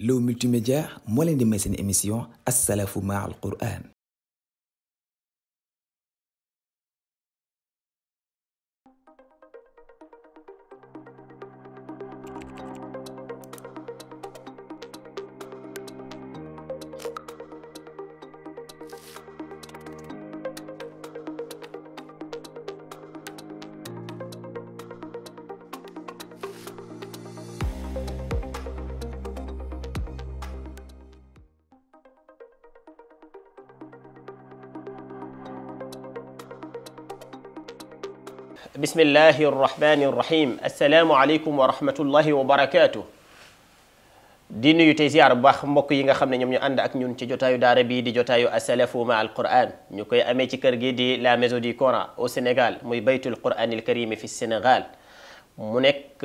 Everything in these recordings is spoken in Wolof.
لو ملتي ميديا مولين دي ميسين اميسيون السلف مع القران بسم الله الرحمن الرحيم السلام عليكم ورحمة الله وبركاته دين يتزيار بخ مكو ييغا خامني نيوم ني اند اك نيون تي جوتايو دار بي دي جوتايو السلف مع القران نيوكاي امي تي كيرغي دي لا ميزو دي كورا او سينيغال موي بيت القران الكريم في السنغال مو نيك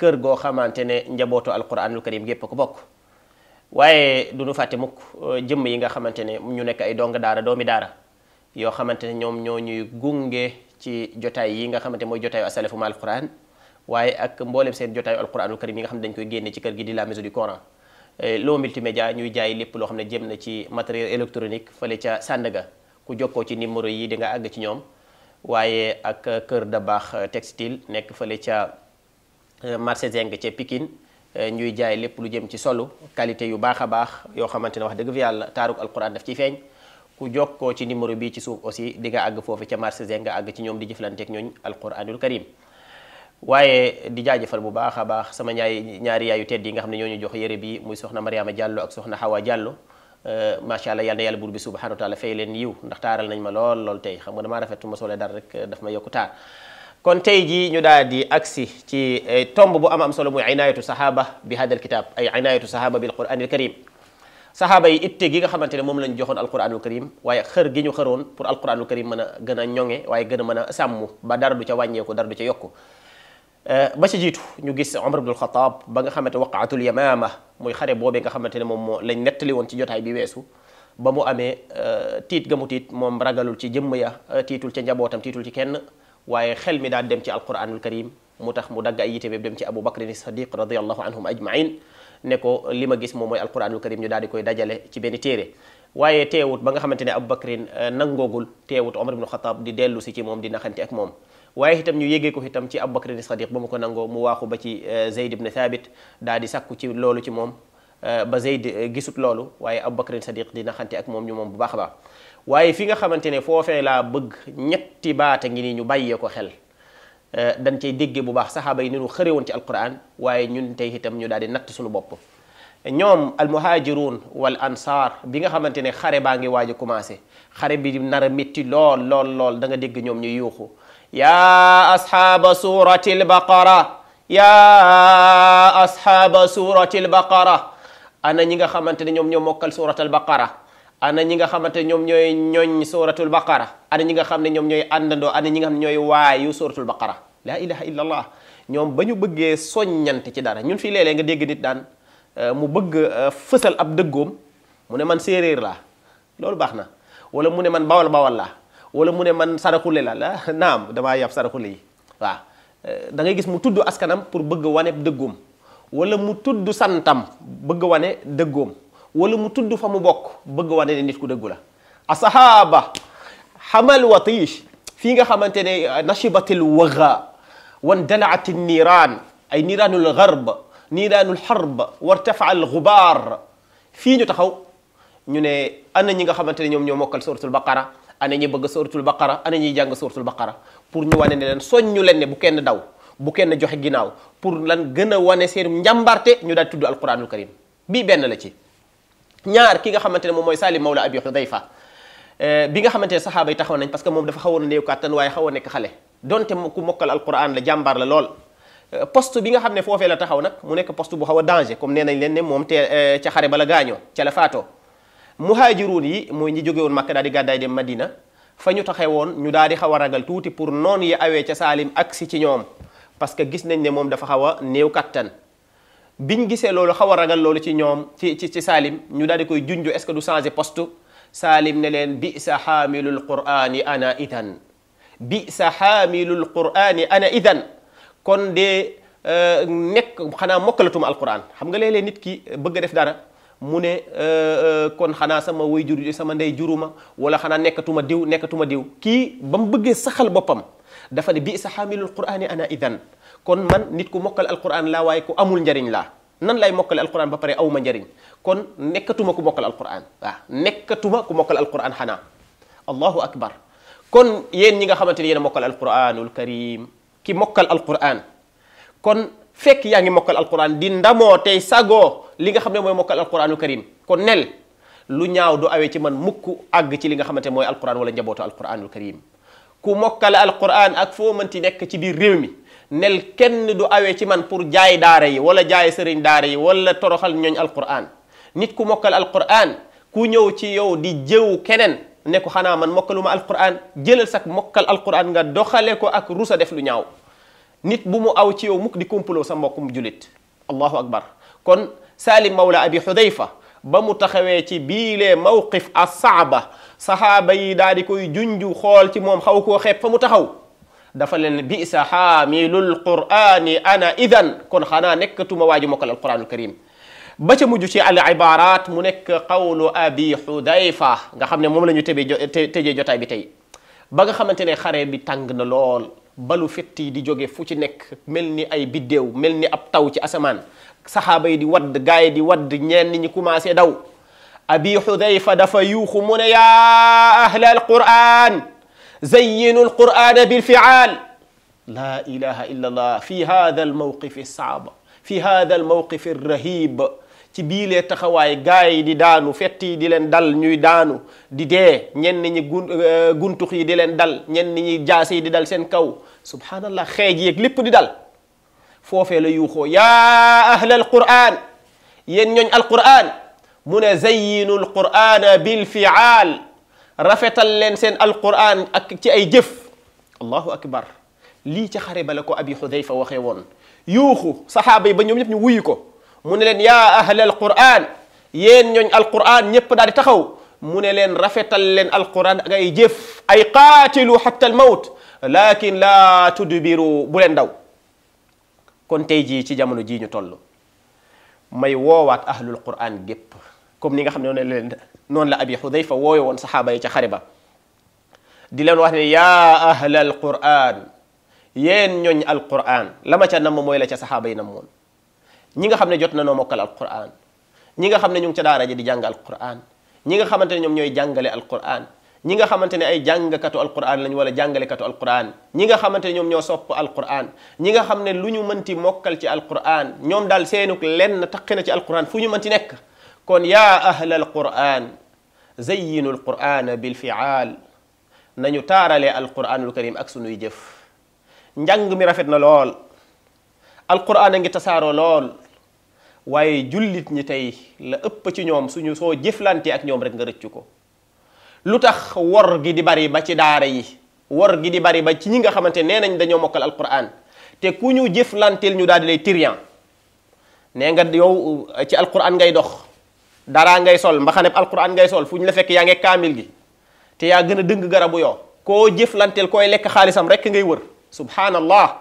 كير غو خامتيني نجابوتو القران الكريم غيب كو بوك waaye du nu fàtte mukk euh, jëmm yi nga xamante ne ñu nekk ay dong daara doomi daara yoo xamante ne ñoom ñoo ñuy gunge ci jotaay yi nga xamante mooy jotaayu asalafu ma waaye ak mboolem seen jotaayu alquranul karim yi nga xam ne dañ koy génne ci kër gi di la maison du coran eh, loo multimédia ñuy jaay lépp loo xam ne jëm na ci matériel électronique fële ca Sandaga ku koo ci numéro yi di nga àgg ci ñoom waaye ak kër da baax textile nekk fële ca eh, marché Zeng ca pikin eh, ñuy jaay lépp lu jëm ci solu qualité yu baax a baax yoo xamante ne wax dëgg fi yàlla taaruk alquran daf ciy feeñ ku jokkoo ci numéro bi ci suuf aussi di nga àgg foofu ca marché Zeng nga ci ñoom di jëflanteeg ñooñ alquranul karim waaye di jaajëfal bu baax a baax sama ñaay ñaari yaayu tedd yi nga xam ne ñoo ñu jox yere bi muy soxna Mariama Diallo ak soxna Hawa Diallo euh, macha allah yal na yàlla buur bi subhanahu wa fay leen yiw ndaxtaaral nañ ma lool lool tey xam nga damaa rafetu ma sole dara rek daf ma yokku taal kon tey jii ñu daal di agsi ci eh, tomb bu am am solo muy inayatu sahaba bi hadal kitab ay inayatu sahaba bil quranil karim sahaba yi itte gi nga xamantene mom lañ joxone alquranul karim waye xër gi ñu xëroon pour alquranul karim mën gëna ñongé waye gëna waaye sammu ba dara du ca ko dara du ca yokku ba ci jitu ñu gis ibn al-khattab ba nga xamante waqaatul yamama muy xare bobé nga xamantene mom mo lañ netali won ci jotay bi weesu ba mu amé euh tit gamu tit mom ragalul ci jëm ya titul ci njabotam titul ci kenn waye xel mi daal dem ci alquranul karim motax mu dagg ay yite dem ci bakr Bakrin Sadiq radiyallahu anhum ajmain ne ko li ma gis moom mooy alquranul karim ñu daal di koy dajale ci benn téere waaye teewut ba nga xamante ne abubakrin euh, nangoogul teewut omar ibnu xataab di dellu si ci moom di naxante ak moom waaye itam ñu yégee ko itam ci abubakrin sadiq ba mu ko nangoo mu waaxu ba ci euh, zeyd ibne thabit daal di sàkku ci loolu ci moom euh, ba zeyd gisut loolu waaye abubakrin sadiq di naxante ak moom ñu moom bu baax baax waaye fi nga xamante ne foofee laa bëgg ñetti baata ngi nii ñu bàyyee ko xel dañ cey déggé bu baax sahaba yi ñu xëre won ci alquran waye ñun tay itam ñu daal di natt suñu bopp ñoom almuhaajiruun wal ansar bi nga xamantene xare baa ngi waaj commencé xare bi nar métti lool lool lool da nga dégg ñom ñu yuxu ya ashab suratil baqara ya ashab suratil baqara ana ñi nga xamantene ñom ñoo mokal surat baqara na ñi nga xamante ñoom ñooy ñooñ suratul baqara ana ñi nga xam ne ñoom ñooy àndandoo ana ñi nga xam ne ñooy waayu suratul baqara laa ilaha illa allah ñoom ba ñu bëggee soññante ci dara ñun fii léeg nga dégg nit daan euh, mu bëgg euh, fësal ab dëggoom mu ne man séeréer laa loolu baax na wala mu ne man bawal bawal laa wala mu ne man saraxule la la naam damaa yab saraxule yi waaw euh, da ngay gis mu tudd askanam pour bëgg wane dëggoom wala mu tudd santam bëgg wane dëggoom wala mu tudd fa mu bokk bëgg wane ne nit ku dëggu la asahaba xamal watish fii nga xamante ne nashibatil waga wan dalaat niiraan ay niiraanul garb niiraanul ني wartafaa al gubaar fii ñu taxaw ñu ne ana ñi nga xamante ne ñoom ñoo mokkal suratul baqara ana ñi bëgg suratul baqara ana ñuy jàng suratul baqara pour ñu wane ne bu kenn daw bu kenn joxe ginaaw pour lan gën wane seen njàmbarte ñu da tuddu alquranul karim bi ben la ci ñaar ki nga xamantene mom moy Salim Mawla Abi Hudayfa bi nga xamantene sahaba yi taxaw nañ parce que mom dafa xawoon néew katan waaye xaw nek xale donte ku mokal alquran la jambar la lol poste bi nga xamne fofé la taxaw nak mu nek poste bu xawa danger comme nenañ len ne mom ci xare bala gaño ci la fato muhajirun yi moy ñi jóge won Makka daal di gàddaay dem Madina fa ñu taxee woon ñu daal di xaw ragal tuuti pour non yi awé ci Salim agsi ci ñom parce que gis nañ ne mom dafa xawa néew katan biñ gisee loolu xaw a ragal loolu ci ñoom ci ci ci Salim ñu daal di koy junj est-ce que du changer poste Salim ne leen bi sa xaamilul qur'ani ana idan bi sa xaamilul qur'ani ana idan kon de nekk xanaa mokkalatuma alquran xam nga leeg nit ki bëgg def dara mu ne kon xanaa sama way sama ndey juruma wala xanaa nekkatuma diw nekkatuma diw kii ba mu bëggee saxal boppam dafa ne bi sa xaamilul qur'aani ana idan kon man nit ku mokkal alquran laa waaye ku amul njariñ laa nan lay mokkale alquran ba pare awma njariñ kon nekkatuma ku mokkal alquran waaw nekkatuma ku mokkal alquran xanaa allahu akbar kon yéen ñi nga xamante ne yéen a mokkal alquranul karim ki mokkal alquran kon fekk yaa ngi mokkal alquran di ndamoo tey sagoo li nga xam ne mooy mokkal alquranul karim kon nel lu ñaaw du awee ci man mukk àgg ci li nga xamante mooy alquran wala njabootu alquranul karim ku mokkale alquran ak man ti nek ci bir réew mi nel kenn du awé ci man pour jaay daara yi wala jaay serign daara yi wala toroxal ñooñ alquran nit ku mokkal alquran ku ñëw ci yow di jëw kenen ne ko xana man mokkaluma alquran jëlal sax mokkal alquran nga doxale ko ak rusa def lu ñaaw nit bu mu aw ci yow mukk di kumpuloo sa mbokum julit allahu akbar kon salim mawla abi hudhayfa ba mu taxawé ci biilee mawqif as-sa'ba saxaaba yi daal di koy junju xool ci moom xaw koo xeeb fa mu taxaw dafa leen bi sa xaamilul qurani ana idan kon xanaa nekkatuma waaju mokkal alquranul karim ba ca mujj ci al ibarat mu nekk qawlu abi xudayfa nga xam ne moom la ñu tëbee tëjee jotaay bi tey ba nga xamante ne xare bi tàng na lool balu fett yi di joge fu ci nekk mel ni ay biddéew mel ni ab taw ci asamaan saxaaba yi di wadd gaay yi di wadd ñenn ñi commencé daw أبي حذيفة دفا يوخو من يا أهل القرآن زينوا القرآن بالفعال لا إله إلا الله في هذا الموقف الصعب في هذا الموقف الرهيب ci biilee taxawaay gaay yi di daanu fett yi di leen dal ñuy daanu di dee ñenn ñi gun guntux yi di leen dal ñenn ñi jaas yi di dal seen kaw subhanallah xeej yeeg lépp di dal foofee la yuuxoo yaa ahlal quraan yéen ñooñ alquraan من زين القرآن بالفعال رفت سن القرآن أي جف الله أكبر لي تخرب لكو أبي حذيفة وخيون يوخو صحابي بن يمجب نويكو من لن يا أهل القرآن ين ين القرآن يب دار تخو من لن رفت لن القرآن أي جف أي قاتلوا حتى الموت لكن لا تدبروا بلندو كنت يجي تجامل جيني تولو ماي ووات أهل القرآن جيب comme ni nga xam ne noonu leen noonu la abi xudayfa wooyo woon saxaaba yi ca xare ba di leen wax yaa ahla alquran yéen ñooñ alquran la ma ca namm mooy la ca saxaaba yi namoon ñi nga xam ne jot na noo mokkal alquran ñi nga xam ne ñu ngi ca daara ji di jàng alquran ñi nga xamante ne ñoom ñooy jàngale alquran ñi nga xamante ne ay jàngkatu alquran lañ wala jàngalekatu alquran ñi nga xamante ne ñoom ñoo sopp alquran ñi nga xam ne lu ñu mënti mokkal ci alquran ñoom daal seenuk lenn taqi na ci alquran fu ñu mënti nekk kon yaa ahlal qur'aan zayyinu alqur'aana bil fiaal nañu taaralee alqur'aanul karim ak sunuy jëf njàng mi rafet na lool alqur'aan a ngi tasaaroo lool waaye jullit ñi tey la ëpp ci ñoom suñu soo jëflantee ak ñoom rek nga rëccu ko lu tax wor gi di bari ba ci daara yi wor gi di bari ba ci ñi nga xamante nee nañ dañoo mokkal alqur'aan te ku ñu jëflanteel ñu daal di lay tiriyan nee nga yow ci alqur'aan ngay dox daraa ngay sol mbaxaneb alquran ngay sol fu ñu la fekk yaa ngi kaamil gi te yaa gën a dëng garabu yoo koo jëflanteel koy lekk xaalisam rek ngay wër subhanallah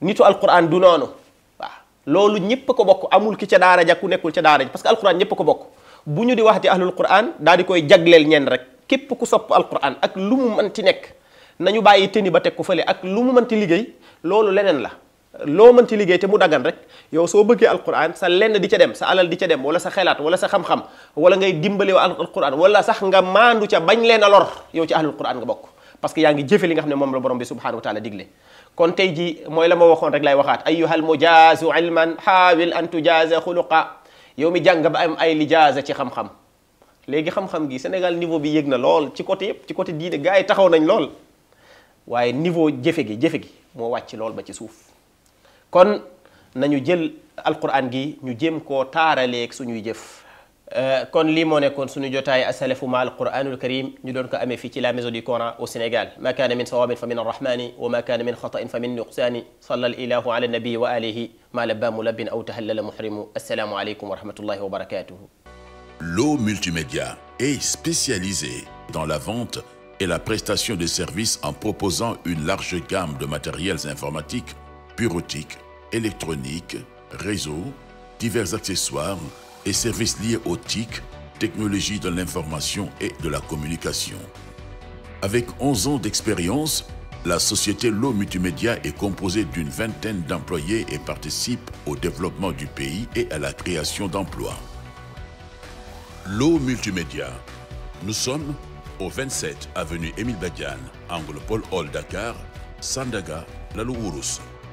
nitu alquran du noonu waaw loolu ñëpp ko bokk amul ki ca daara ja ku nekkul ca daara ja parce que alquran ñëpp ko bokk bu ñu di waxati ahlul quran daal di koy jagleel ñenn rek képp ku sopp alquran ak lu mu mënti nekk nañu bàyyi teni ba teg ko fële ak lu mu mënti liggéey loolu leneen la loo mën ci liggéey te mu daggan rek yow soo bëggee alquran sa lenn di ca dem sa alal di ca dem wala sa xelaat wala sa xam-xam wala ngay dimbale wa alquran wala sax nga maandu ca bañ leen a lor yow ci ahlul quran nga bokk parce que yaa ngi jëfe li nga xam ne moom la borom bi subhanahu kon tey ji mooy la ma waxoon rek lay waxaat ayyuhal mujaazu ilman xaawil an tujaaza xuluqa yow mi jàng am ay lijaaza ci xam léegi xam-xam Sénégal niveau bi yéeg na lool ci côté ci côté diine gars yi taxaw nañ lool waaye niveau jëfe gi jëfe gi moo wàcc lool ba ci suuf kon nañu jël alquran gi ñu jëm ko koo ak suñu jëf euh, kon lii moo nekkoon suñu jotaay asalafu ma alquranul karim ñu doon ko amee fii ci la maison du coran au Sénégal ma kaana min sawabin fa min arrahmani wa ma kaana min xatain fa min nuqsaani salla al ilahu ala nabi wa alihi ma labba mulabbin aw tahallala muhrimu assalaamu alaykum wa rahmatullahi wa barakatuhu l'eau multimédia est spécialisée dans la vente et la prestation de services en proposant une large gamme de matériels informatiques bureautique, électronique, réseau, divers accessoires et services liés aux TIC, technologies de l'information et de la communication. Avec 11 ans d'expérience, la société L'eau Multimédia est composée d'une vingtaine d'employés et participe au développement du pays et à la création d'emplois. L'eau Multimédia. Nous sommes au 27 avenue Émile Badian, angle Paul Hall Dakar, Sandaga, Lalouourous.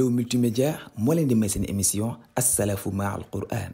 L'eau multimédia moo leen di may seen émission assalafou ma al quran